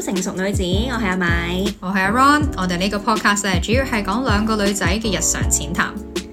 成熟女子，我係阿米， 我係阿 Ron，我哋呢個 podcast 呢主要係講兩個女仔嘅日常淺談，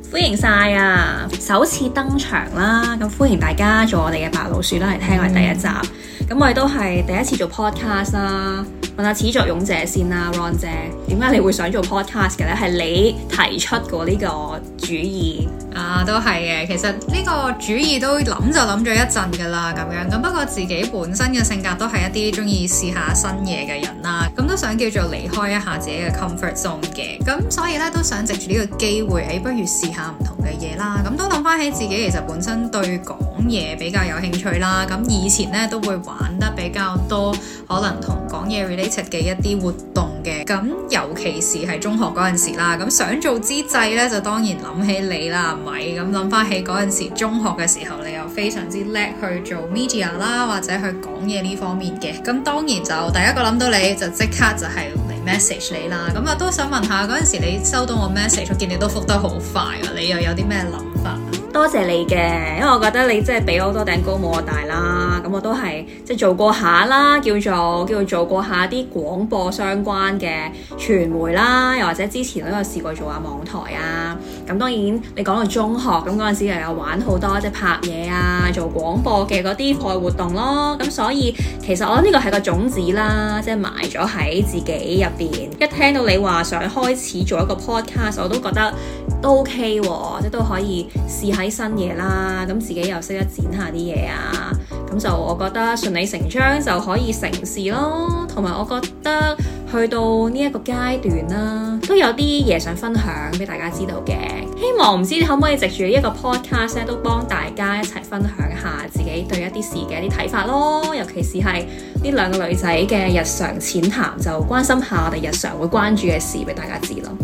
歡迎晒啊，首次登場啦，咁歡迎大家做我哋嘅白老鼠啦嚟聽我哋第一集。 咁我哋都係第一次做 podcast 啦，問下始作俑者先啦，Ronn 姐，點解你會想做 podcast 嘅咧？係你提出過呢個主意啊，都係嘅。其實呢個主意都諗就諗咗一陣噶啦，咁樣咁不過自己本身嘅性格都係一啲中意試下新嘢嘅人啦，咁都想叫做離開一下自己嘅 comfort zone 嘅，咁所以咧都想藉住呢個機會，哎、欸、不如試下唔同嘅嘢啦，咁都諗翻起自己其實本身對講講嘢比較有興趣啦，咁以前咧都會玩得比較多，可能同講嘢 related 嘅一啲活動嘅，咁尤其是係中學嗰陣時啦，咁想做之際咧就當然諗起你啦，咪咁諗返起嗰陣時中學嘅時候，你又非常之叻去做 media 啦，或者去講嘢呢方面嘅，咁當然就第一個諗到你，就即刻就係嚟 message 你啦，咁我都想問下嗰陣時你收到我 message，見你都覆得好快啊，你又有啲咩諗法？多謝你嘅，因為我覺得你真係俾好多頂高帽我大啦，咁我都係即係做過下啦，叫做叫做做過下啲廣播相關嘅傳媒啦，又或者之前都有試過做下網台啊。咁當然你講到中學咁陣時又有玩好多即係拍嘢啊，做廣播嘅啲課外活動咯。咁所以其實我呢個係個種子啦，即係埋咗喺自己入邊。一聽到你話想開始做一個 podcast，我都覺得都 OK，即都可以試下。新嘢啦，咁自己又識得剪下啲嘢啊，咁就我覺得順理成章就可以成事咯。同埋我覺得去到呢一個階段啦，啊，都有啲嘢想分享俾大家知道嘅。希望唔知你可唔可以藉住一個 podcast 咧，啊，都幫大家一齊分享下自己對一啲事嘅一啲睇法咯。尤其是係呢兩個女仔嘅日常淺談，就關心下我哋日常會關注嘅事俾大家知咯。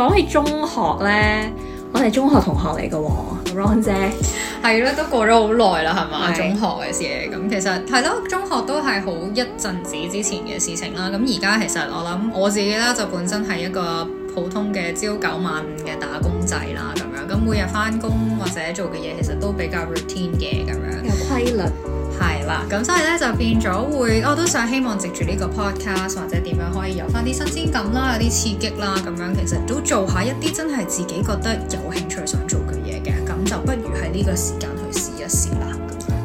講起中學咧，我哋中學同學嚟嘅喎，Ronn 姐係咯，都過咗好耐啦，係嘛？對中學嘅事咁，其實係咯，中學都係好一陣子之前嘅事情啦。咁而家其實我諗我自己咧，就本身係一個普通嘅朝九晚五嘅打工仔啦，咁樣咁每日返工或者做嘅嘢其實都比較 routine 嘅咁樣，有規律。係啦，咁所以咧就變咗會，我都想希望藉住呢個 podcast 或者點樣可以有翻啲新鮮感啦，有啲刺激啦，咁樣其實都做下一啲真係自己覺得有興趣想做嘅嘢嘅，咁就不如喺呢個時間去試一試啦，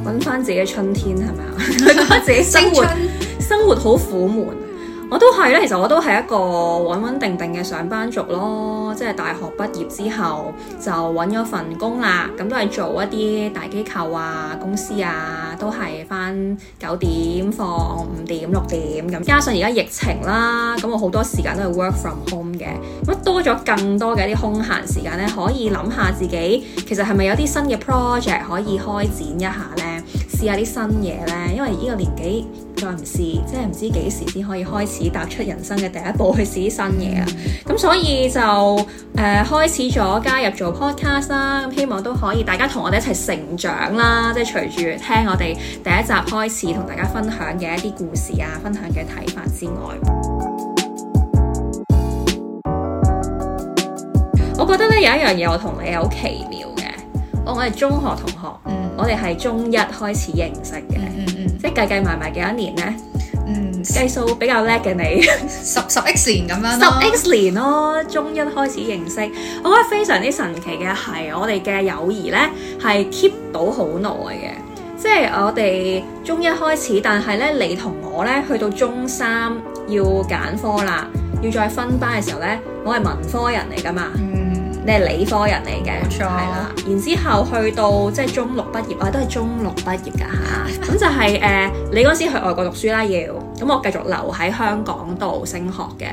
搵翻自己嘅春天係咪啊？ 覺得自己生活 春生活好苦悶。我都係咧，其實我都係一個穩穩定定嘅上班族咯，即係大學畢業之後就揾咗份工啦，咁都係做一啲大機構啊、公司啊，都係返九點放五點六點咁。加上而家疫情啦，咁我好多時間都係 work from home 嘅，咁多咗更多嘅一啲空閒時間咧，可以諗下自己其實係咪有啲新嘅 project 可以開展一下咧。試下啲新嘢咧，因為呢個年紀再唔試，即係唔知幾時先可以開始踏出人生嘅第一步去試啲新嘢啊！咁所以就誒、呃、開始咗加入做 podcast 啦，咁希望都可以大家同我哋一齊成長啦，即係隨住聽我哋第一集開始同大家分享嘅一啲故事啊，分享嘅睇法之外，我覺得咧有一樣嘢我同你好奇妙嘅，哦，我我係中學同學。嗯我哋係中一開始認識嘅，嗯嗯嗯，即係計計埋埋幾多年呢？嗯，計數比較叻嘅你，十十 X 年咁樣，十 X 年咯，中一開始認識。我覺得非常之神奇嘅係，我哋嘅友誼呢係 keep 到好耐嘅，即係我哋中一開始，但係呢，你同我呢去到中三要揀科啦，要再分班嘅時候呢，我係文科人嚟㗎嘛。嗯你係理科人嚟嘅，冇錯，係啦。然之後去到即係中六畢業，我都係中六畢業㗎嚇。咁 就係、是、誒、呃，你嗰時去外國讀書啦，要咁我繼續留喺香港度升學嘅。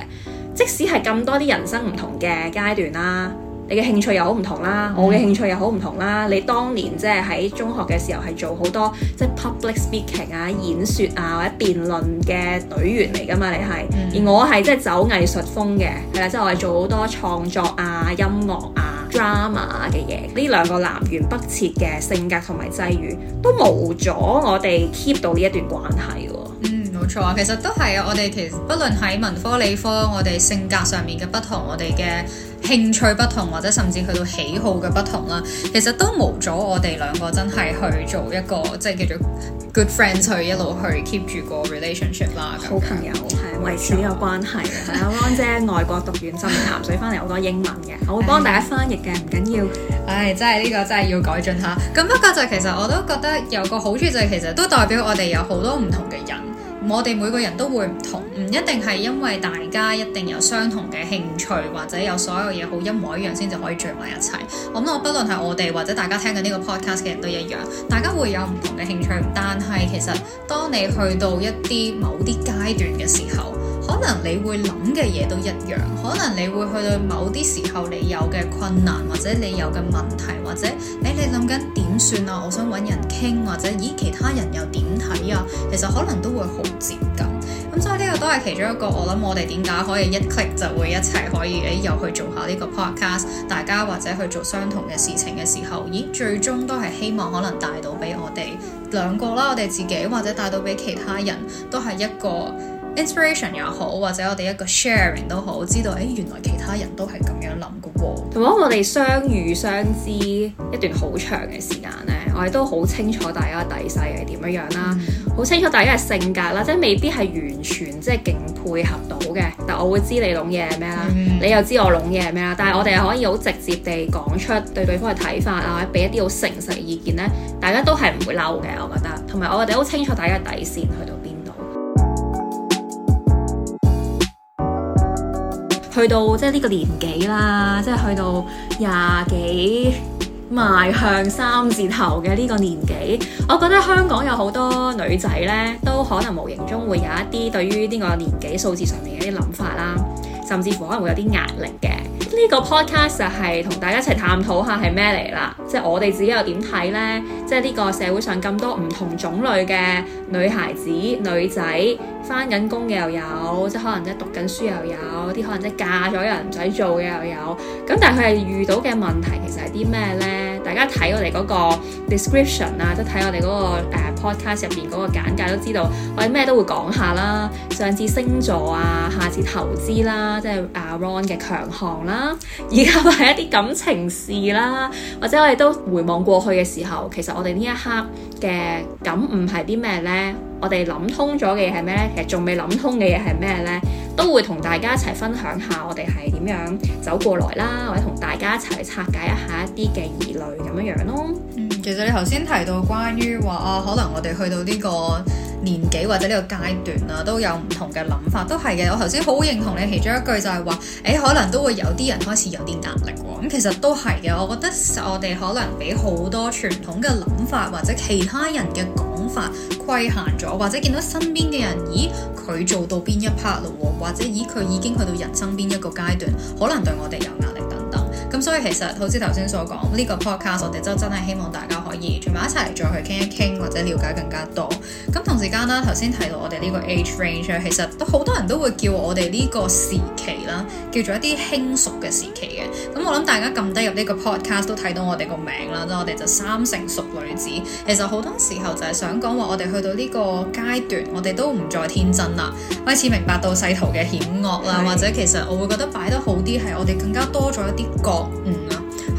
即使係咁多啲人生唔同嘅階段啦。你嘅興趣又好唔同啦，嗯、我嘅興趣又好唔同啦。嗯、你當年即係喺中學嘅時候係做好多即係、就是、public speaking 啊、演說啊或者辯論嘅隊員嚟㗎嘛？你係，嗯、而我係即係走藝術風嘅，係啊，即、就、係、是、我係做好多創作啊、音樂啊、drama 嘅、啊、嘢。呢兩個南轅北轍嘅性格同埋際遇，都冇咗我哋 keep 到呢一段關係喎。嗯，冇、嗯、錯啊，其實都係啊。我哋其實不論喺文科理科，我哋性格上面嘅不同，我哋嘅。興趣不同，或者甚至去到喜好嘅不同啦，其實都冇阻我哋兩個真係去做一個 Wow. 即係叫做 good friends 去一路去 keep 住個 relationship 啦。好朋友係維持有個關係。阿 Ang 姐外國讀完，浸鹹水翻嚟好多英文嘅，我會幫大家翻譯嘅，唔緊要。唉，真係呢個真係要改進下。咁不過就其實我都覺得有個好處就係其實都代表我哋有好多唔同嘅人。我哋每個人都會唔同，唔一定係因為大家一定有相同嘅興趣或者有所有嘢好一模一樣先至可以聚埋一齊。我諗我不論係我哋或者大家聽緊呢個 podcast 嘅人都一樣，大家會有唔同嘅興趣，但係其實當你去到一啲某啲階段嘅時候，可能你會諗嘅嘢,都一樣，可能你會去到某啲時候，你有嘅困難或者你有嘅問題，或者誒你諗緊點算啊？我想揾人傾，或者咦其他人又點睇啊？其實可能都會好接近。咁、嗯、所以呢個都係其中一個，我諗我哋點解可以一 click 就會一齊可以誒又去做下呢個 podcast，大家或者去做相同嘅事情嘅時候，咦最終都係希望可能帶到俾我哋兩個啦，我哋自己或者帶到俾其他人都係一個。inspiration 也好，或者我哋一個 sharing 都好，知道誒、欸，原來其他人都係咁樣諗噶喎。同埋我哋相遇相知一段好長嘅時間咧，我哋都好清楚大家嘅底細係點樣樣啦，好、嗯、清楚大家嘅性格啦，即係未必係完全即係勁配合到嘅，但我會知你諗嘢係咩啦，嗯、你又知我諗嘢係咩啦，但係我哋可以好直接地講出對對方嘅睇法啊，俾一啲好誠實嘅意見咧，大家都係唔會嬲嘅，我覺得。同埋我哋好清楚大家嘅底線去到邊。去到即係呢個年紀啦，即係去到廿幾，邁向三字頭嘅呢個年紀，我覺得香港有好多女仔呢，都可能無形中會有一啲對於呢個年紀數字上面嘅一啲諗法啦，甚至乎可能會有啲壓力嘅。呢個 podcast 就係同大家一齊探討下係咩嚟啦，即係我哋自己又點睇呢？即係呢個社會上咁多唔同種類嘅女孩子、女仔。翻緊工嘅又有，即係可能即係讀緊書又有，啲可能即係嫁咗又唔使做嘅又有。咁但係佢係遇到嘅問題其實係啲咩呢？大家睇我哋嗰個 description 啊，即係睇我哋嗰個誒 podcast 入邊嗰個簡介都知道，我哋咩都會講下啦。上次星座啊，下次投資啦，即係阿 Ron 嘅強項啦，而家係一啲感情事啦，或者我哋都回望過去嘅時候，其實我哋呢一刻嘅感悟係啲咩呢？我哋諗通咗嘅係咩呢？其實仲未諗通嘅嘢係咩呢？都會同大家一齊分享下我哋係點樣走過來啦，或者同大家一齊拆解一下一啲嘅疑慮，咁樣樣咯。Mm hmm. 其實你頭先提到關於話啊，可能我哋去到呢個年紀或者呢個階段啊，都有唔同嘅諗法，都係嘅。我頭先好認同你其中一句就係話，誒、欸，可能都會有啲人開始有啲壓力喎。咁、嗯，其實都係嘅，我覺得我哋可能俾好多傳統嘅諗法或者其他人嘅講法規限咗，或者見到身邊嘅人，咦佢做到邊一 part 咯，或者咦佢已經去到人生邊一個階段，可能對我哋有壓力等。咁所以其實好似頭先所講，呢個 podcast 我哋就真係希望大家可以聚埋一齊，再去傾一傾或者了解更加多。咁同時間啦，頭先提到我哋呢個 age range 啊，其實都好多人都會叫我哋呢個時期啦，叫做一啲輕熟嘅時期嘅。咁我諗大家咁低入呢個 podcast 都睇到我哋個名啦，即係我哋就三成淑女子。其實好多時候就係想講話我哋去到呢個階段，我哋都唔再天真啦，開始明白到世途嘅險惡啦，是或者其實我會覺得擺得好啲係我哋更加多咗一啲誤啦，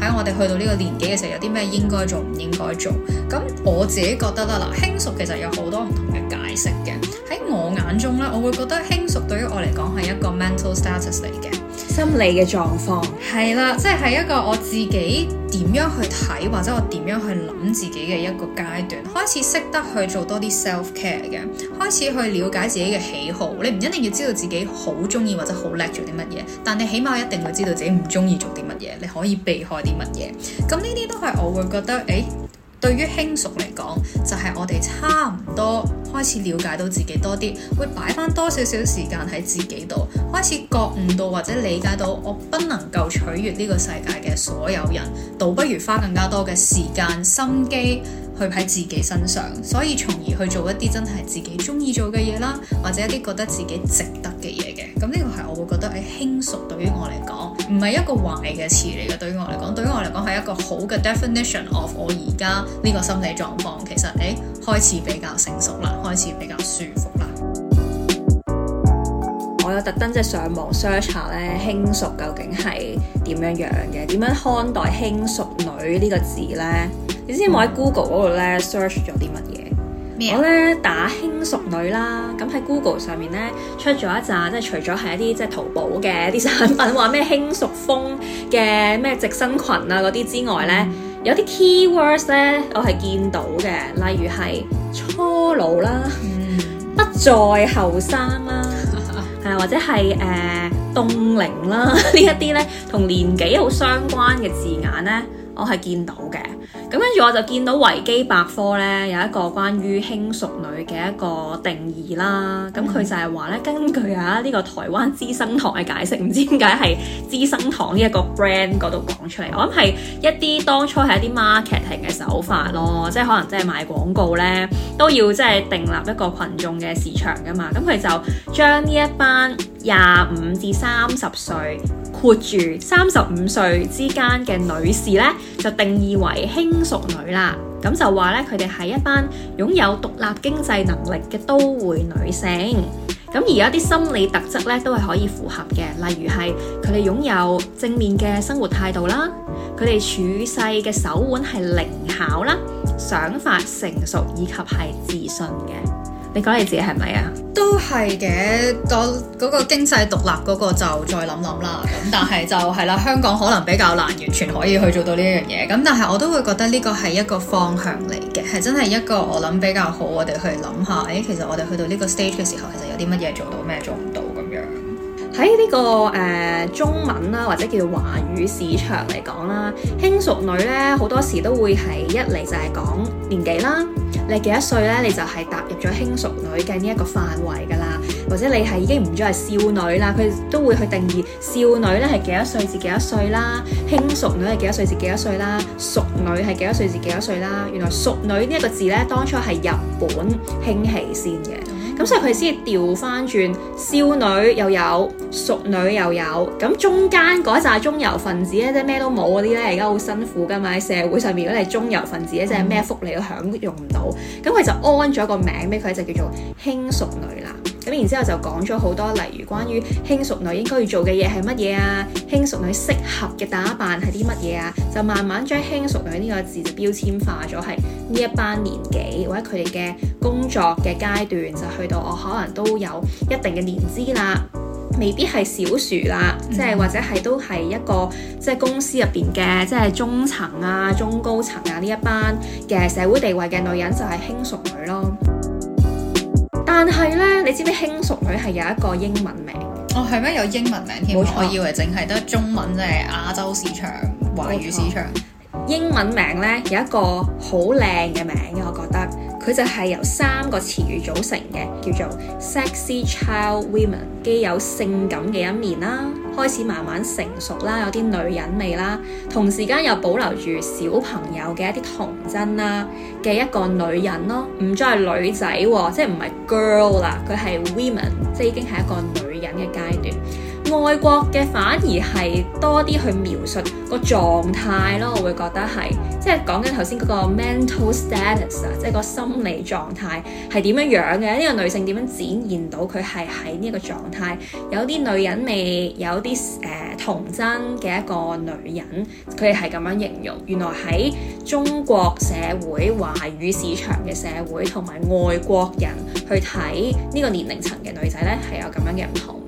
喺、嗯、我哋去到呢個年紀嘅時候，有啲咩應該做，唔應該做。咁我自己覺得啦，啦輕熟其實有好多唔同嘅解釋嘅。喺我眼中咧，我會覺得輕熟對於我嚟講係一個 mental status 嚟嘅。心理嘅狀況係啦，即係、就是、一個我自己點樣去睇，或者我點樣去諗自己嘅一個階段，開始識得去做多啲 self care 嘅，開始去了解自己嘅喜好。你唔一定要知道自己好鍾意或者好叻做啲乜嘢，但你起碼一定會知道自己唔鍾意做啲乜嘢，你可以避開啲乜嘢。咁呢啲都係我會覺得，誒、欸。對於輕熟嚟講，就係、是、我哋差唔多開始了解到自己多啲，會擺翻多少少時間喺自己度，開始覺悟到或者理解到，我不能夠取悅呢個世界嘅所有人，倒不如花更加多嘅時間、心機，去喺自己身上，所以從而去做一啲真係自己中意做嘅嘢啦，或者一啲覺得自己值得嘅嘢嘅。咁呢個係我會覺得誒輕熟對於我嚟講，唔係一個壞嘅詞嚟嘅。對於我嚟講，對於我嚟講係一個好嘅 definition of 我而家呢個心理狀況。其實誒、欸、開始比較成熟啦，開始比較舒服啦。我有特登即係上網 search 下咧，輕熟究竟係點樣樣嘅？點樣看待輕熟女呢個字咧？你知唔知我喺 Google 度咧 search 咗啲乜嘢？麼我咧打輕熟女啦，咁喺 Google 上面咧出咗一紮，即係除咗係一啲即係淘寶嘅啲產品，話咩輕熟風嘅咩直身裙啊嗰啲之外咧，嗯、有啲 keywords 咧我係見到嘅，例如係初老啦，嗯、不再後生啦，係啊， 或者係誒凍齡啦 呢一啲咧同年紀好相關嘅字眼咧。我係見到嘅，咁跟住我就見到維基百科呢，有一個關於輕熟女嘅一個定義啦，咁佢、嗯、就係話呢根據啊呢個台灣資生堂嘅解釋，唔知點解係資生堂呢一個 brand 嗰度講出嚟，我諗係一啲當初係一啲 marketing 嘅手法咯，即係可能即係賣廣告呢，都要即係訂立一個群眾嘅市場噶嘛，咁佢就將呢一班廿五至三十歲，活住三十五歲之間嘅女士呢，就定義為輕熟女啦。咁就話呢，佢哋係一班擁有獨立經濟能力嘅都會女性。咁而有啲心理特質呢，都係可以符合嘅，例如係佢哋擁有正面嘅生活態度啦，佢哋處世嘅手腕係靈巧啦，想法成熟以及係自信嘅。你講你自己係咪啊？係係都係嘅，個嗰、嗰個經濟獨立嗰個就再諗諗啦。咁但係就係、係、啦，香港可能比較難，完全可以去做到呢一樣嘢。咁但係我都會覺得呢個係一個方向嚟嘅，係真係一個我諗比較好。我哋去諗下，誒、欸，其實我哋去到呢個 stage 嘅時候，其實有啲乜嘢做到，咩做唔到。喺呢個誒中文啦，或者叫華語市場嚟講啦，輕熟女咧好多時都會係一嚟就係講年紀啦，你幾多歲咧你就係踏入咗輕熟女嘅呢一個範圍噶啦，或者你係已經唔再係少女啦，佢都會去定義少女咧係幾多歲至幾多歲啦，輕熟女係幾多歲至幾多歲啦，熟女係幾多歲至幾多歲啦。原來熟女呢一個字咧，當初係日本興起先嘅。咁所以佢先調翻轉，少女又有熟女又有，咁中間嗰一紮中游分子咧，即係咩都冇嗰啲咧，而家好辛苦噶嘛。喺社會上面，如果你係中游分子咧，即係咩福利都享用唔到，咁佢就安咗個名，畀佢就叫做輕熟女啦。然之後就講咗好多，例如關於輕熟女應該要做嘅嘢係乜嘢啊？輕熟女適合嘅打扮係啲乜嘢啊？就慢慢將輕熟女呢個字就標籤化咗，係呢一班年紀或者佢哋嘅工作嘅階段，就去到我可能都有一定嘅年資啦，未必係小薯啦，即係、嗯、哼或者係都係一個即係、就是、公司入邊嘅即係中層啊、中高層啊呢一班嘅社會地位嘅女人就係、是、輕熟女咯。但係呢，你知唔知輕熟女係有一個英文名？哦，係咩？有英文名添？冇錯，以為淨係得中文啫，即係亞洲市場、華語市場。英文名呢，有一個好靚嘅名嘅，我覺得。佢就係由三個詞語組成嘅，叫做 sexy child women，既有性感嘅一面啦，開始慢慢成熟啦，有啲女人味啦，同時間又保留住小朋友嘅一啲童真啦嘅一個女人咯，唔再係女仔喎，即係唔係 girl 啦，佢係 women，即係已經係一個女人嘅階段。外國嘅反而係多啲去描述個狀態咯，我會覺得係即係講緊頭先個 mental status 啊，即係個心理狀態係點樣樣嘅，呢個女性點樣展現到佢係喺呢個狀態，有啲女人味，有啲誒、呃、童真嘅一個女人，佢哋係咁樣形容。原來喺中國社會華語市場嘅社會同埋外國人去睇呢個年齡層嘅女仔咧，係有咁樣嘅唔同。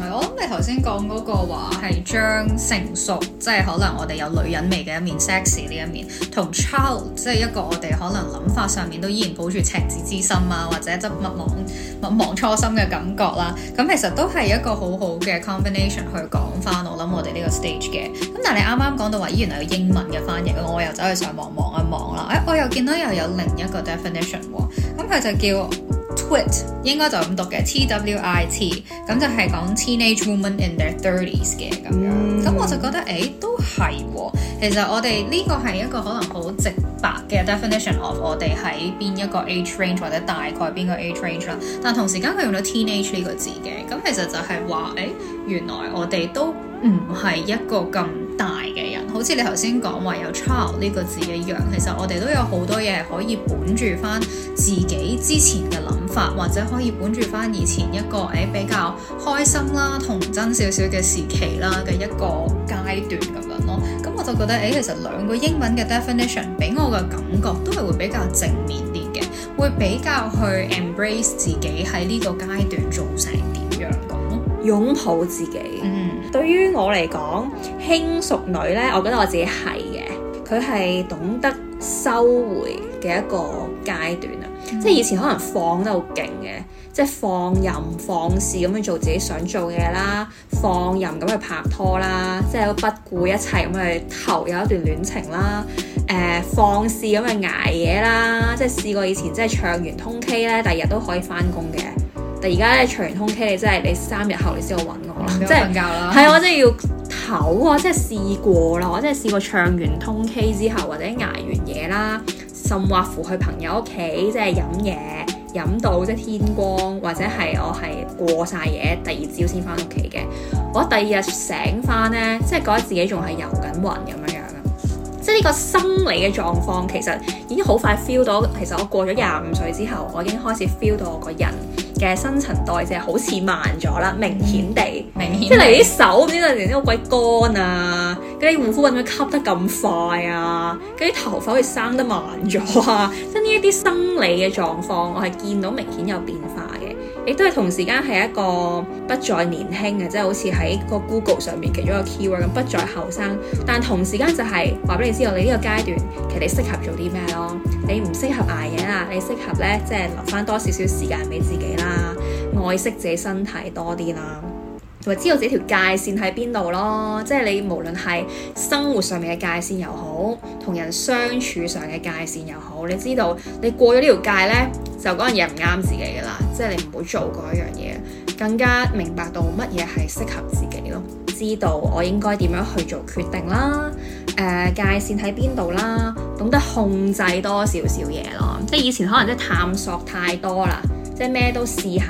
係，我諗你頭先講嗰個話係將成熟，即係可能我哋有女人味嘅一面、sexy 呢一面，同 child，即係一個我哋可能諗法上面都依然保住赤子之心啊，或者執勿忘勿忘初心嘅感覺啦。咁其實都係一個好好嘅 combination 去講翻我諗我哋呢個 stage 嘅。咁但係你啱啱講到話，原來個英文嘅翻譯，我又走去上網望一望啦。誒，我又見到又有另一個 definition 喎。咁佢就叫。Twit 應該就咁讀嘅，T W I T，咁就係講 teenage woman in their thirties 嘅咁樣，咁、mm hmm. 我就覺得，誒、欸，都係喎、哦。其實我哋呢個係一個可能好直白嘅 definition of 我哋喺邊一個 age range 或者大概邊個 age range 啦。但同時間佢用咗 teenage 呢個字嘅，咁其實就係話，誒、欸，原來我哋都唔係一個咁大嘅人，好似你頭先講話有 child 呢個字一樣。其實我哋都有好多嘢可以本住翻自己之前嘅諗法或者可以本住翻以前一個誒、欸、比較開心啦，童真少少嘅時期啦嘅一個階段咁樣咯，咁我就覺得誒、欸、其實兩個英文嘅 definition 俾我嘅感覺都係會比較正面啲嘅，會比較去 embrace 自己喺呢個階段做成點樣咁，擁抱自己。嗯、mm，hmm. 對於我嚟講，輕熟女咧，我覺得我自己係嘅，佢係懂得收回嘅一個階段啊。即係、嗯、以前可能放得好勁嘅，即係放任放肆咁樣做自己想做嘅嘢啦，放任咁去拍拖啦，即係不顧一切咁去投入一段戀情啦，誒、呃、放肆咁去捱夜啦，即係試過以前即係唱完通 K 咧，第二日都可以翻工嘅，但而家咧，唱完通 K 你真係你三日後你先會揾我啦，瞓覺即係是，係啊， 我真係要唞啊，即係試過啦，我真係試，試過唱完通 K 之後或者捱完嘢啦。甚或乎去朋友屋企，即係飲嘢飲到即係天光，或者係我係過晒嘢，第二朝先翻屋企嘅。我第二日醒翻咧，即係覺得自己仲係游緊雲咁樣樣啊！即係呢個生理嘅狀況，其實已經好快 feel 到。其實我過咗廿五歲之後，我已經開始 feel 到我個人。嘅新陳代謝好似慢咗啦，明顯地，明顯，即係你啲手唔 知突然之間好鬼乾啊，嗰啲護膚品會吸得咁快啊，嗰啲頭髮會生得慢咗啊，即係呢一啲生理嘅狀況，我係見到明顯有變化。亦都係同時間係一個不再年輕嘅，即係好似喺個 Google 上面其中一個 keyword 咁，不再後生。但同時間就係話俾你知道，你呢個階段其實你適合做啲咩咯？你唔適合捱夜啦，你適合咧，即係留翻多少少時間俾自己啦，愛惜自己身體多啲啦。同知道自己條界線喺邊度咯，即係你無論係生活上面嘅界線又好，同人相處上嘅界線又好，你知道你過咗呢條界呢，就嗰樣嘢唔啱自己噶啦，即係你唔好做嗰樣嘢，更加明白到乜嘢係適合自己咯，知道我應該點樣去做決定啦，誒、呃、界線喺邊度啦，懂得控制多少少嘢咯，即係以前可能即係探索太多啦。即咩都試下，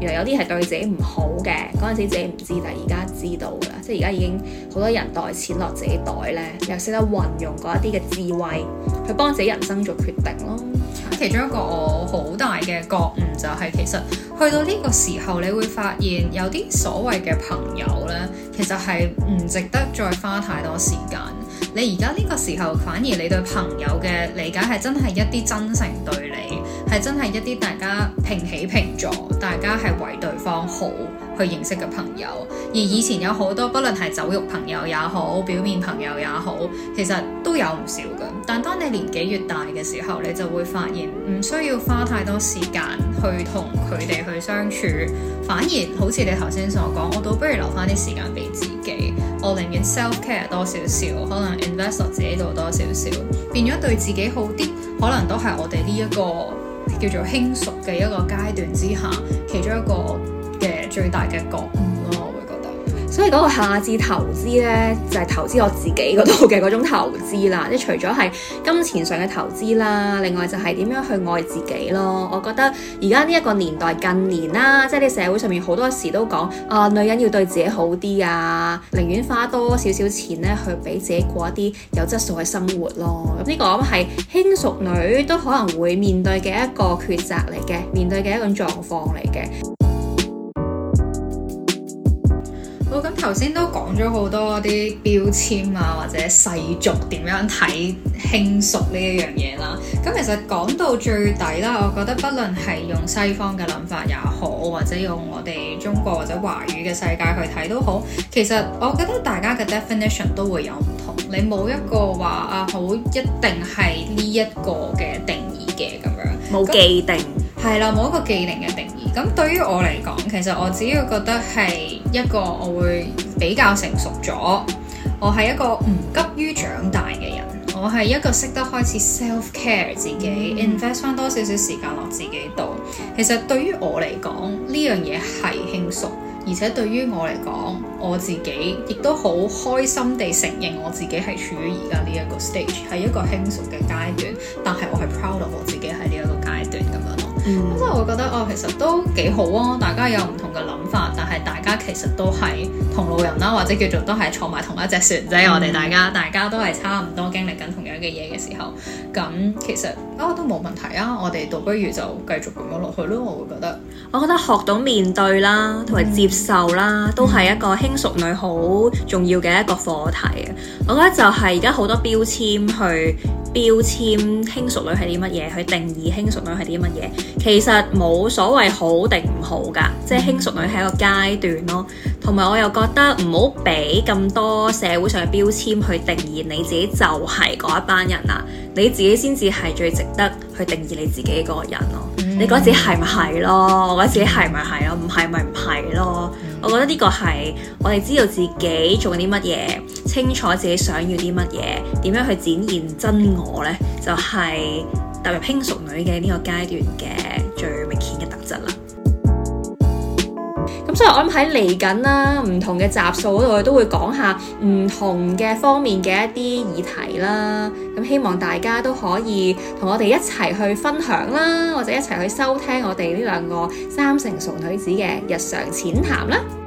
原來有啲係對自己唔好嘅。嗰陣時自己唔知，但係而家知道噶。即係而家已經好多人袋錢落自己袋咧，又識得運用嗰一啲嘅智慧去幫自己人生做決定咯。其中一個我好大嘅覺悟就係、是，其實去到呢個時候，你會發現有啲所謂嘅朋友咧，其實係唔值得再花太多時間。你而家呢個時候，反而你對朋友嘅理解係真係一啲真誠對你，係真係一啲大家平起平坐，大家係為對方好。去認識嘅朋友，而以前有好多，不論係酒肉朋友也好，表面朋友也好，其實都有唔少嘅。但當你年紀越大嘅時候，你就會發現唔需要花太多時間去同佢哋去相處，反而好似你頭先所講，我都不如留返啲時間俾自己，我寧願 self care 多少少，可能 invest 落自己度多少少，變咗對自己好啲，可能都係我哋呢一個叫做輕熟嘅一個階段之下，其中一個，最大嘅覺悟咯，我會覺得。所以嗰個下至投資咧，就係、是、投資我自己嗰度嘅嗰種投資啦。即除咗係金錢上嘅投資啦，另外就係點樣去愛自己咯。我覺得而家呢一個年代近年啦、啊，即、就、係、是、你社會上面好多時都講啊，女人要對自己好啲啊，寧願花多少少錢咧，去俾自己過一啲有質素嘅生活咯。咁、嗯、呢、這個係輕熟女都可能會面對嘅一個抉擇嚟嘅，面對嘅一種狀況嚟嘅。我咁頭先都講咗好多啲標籤啊，或者世俗點樣睇輕熟呢一樣嘢啦。咁其實講到最底啦，我覺得，不論係用西方嘅諗法也好，或者用我哋中國或者華語嘅世界去睇都好，其實我覺得大家嘅 definition 都會有唔同。你冇一個話啊好一定係呢一個嘅定義嘅咁樣，冇既定，係啦，冇一個既定嘅定義。咁對於我嚟講，其實我只要覺得係。一個我會比較成熟咗，我係一個唔急於長大嘅人，我係一個識得開始 self care 自己，invest 翻、mm. 多少少時間落自己度。其實對於我嚟講呢樣嘢係輕熟，而且對於我嚟講我自己亦都好開心地承認我自己係處於而家呢一個 stage，係一個輕熟嘅階段。但係我係 proud of 我自己係呢一個。咁我會覺得哦，其實都幾好啊！大家有唔同嘅諗法，但係大家其實都係同路人啦，或者叫做都係坐埋同一隻船仔。Mm. 我哋大家大家都係差唔多經歷緊同樣嘅嘢嘅時候，咁其實啊、哦、都冇問題啊！我哋倒不如就繼續咁樣落去咯。我覺得，我覺得學到面對啦，同埋接受啦，mm. 都係一個輕熟女好重要嘅一個課題啊！我覺得就係而家好多標籤去。標籤輕熟女係啲乜嘢？去定義輕熟女係啲乜嘢？其實冇所謂好定唔好㗎，即係輕熟女係一個階段咯。同埋我又覺得唔好俾咁多社會上嘅標籤去定義你自己就係嗰一班人喇。你自己先至係最值得去定義你自己個人咯。Mm hmm. 你覺得自己係咪係咯？我覺得自己係咪係咯？唔係咪唔係咯？我覺得呢個係我哋知道自己做緊啲乜嘢，清楚自己想要啲乜嘢，點樣去展現真我呢，就係、是、踏入輕熟女嘅呢個階段嘅最明顯嘅特質啦。所以我在來，我諗喺嚟緊啦，唔同嘅集數嗰度都會講下唔同嘅方面嘅一啲議題啦。咁希望大家都可以同我哋一齊去分享啦，或者一齊去收聽我哋呢兩個三成熟女子嘅日常淺談啦。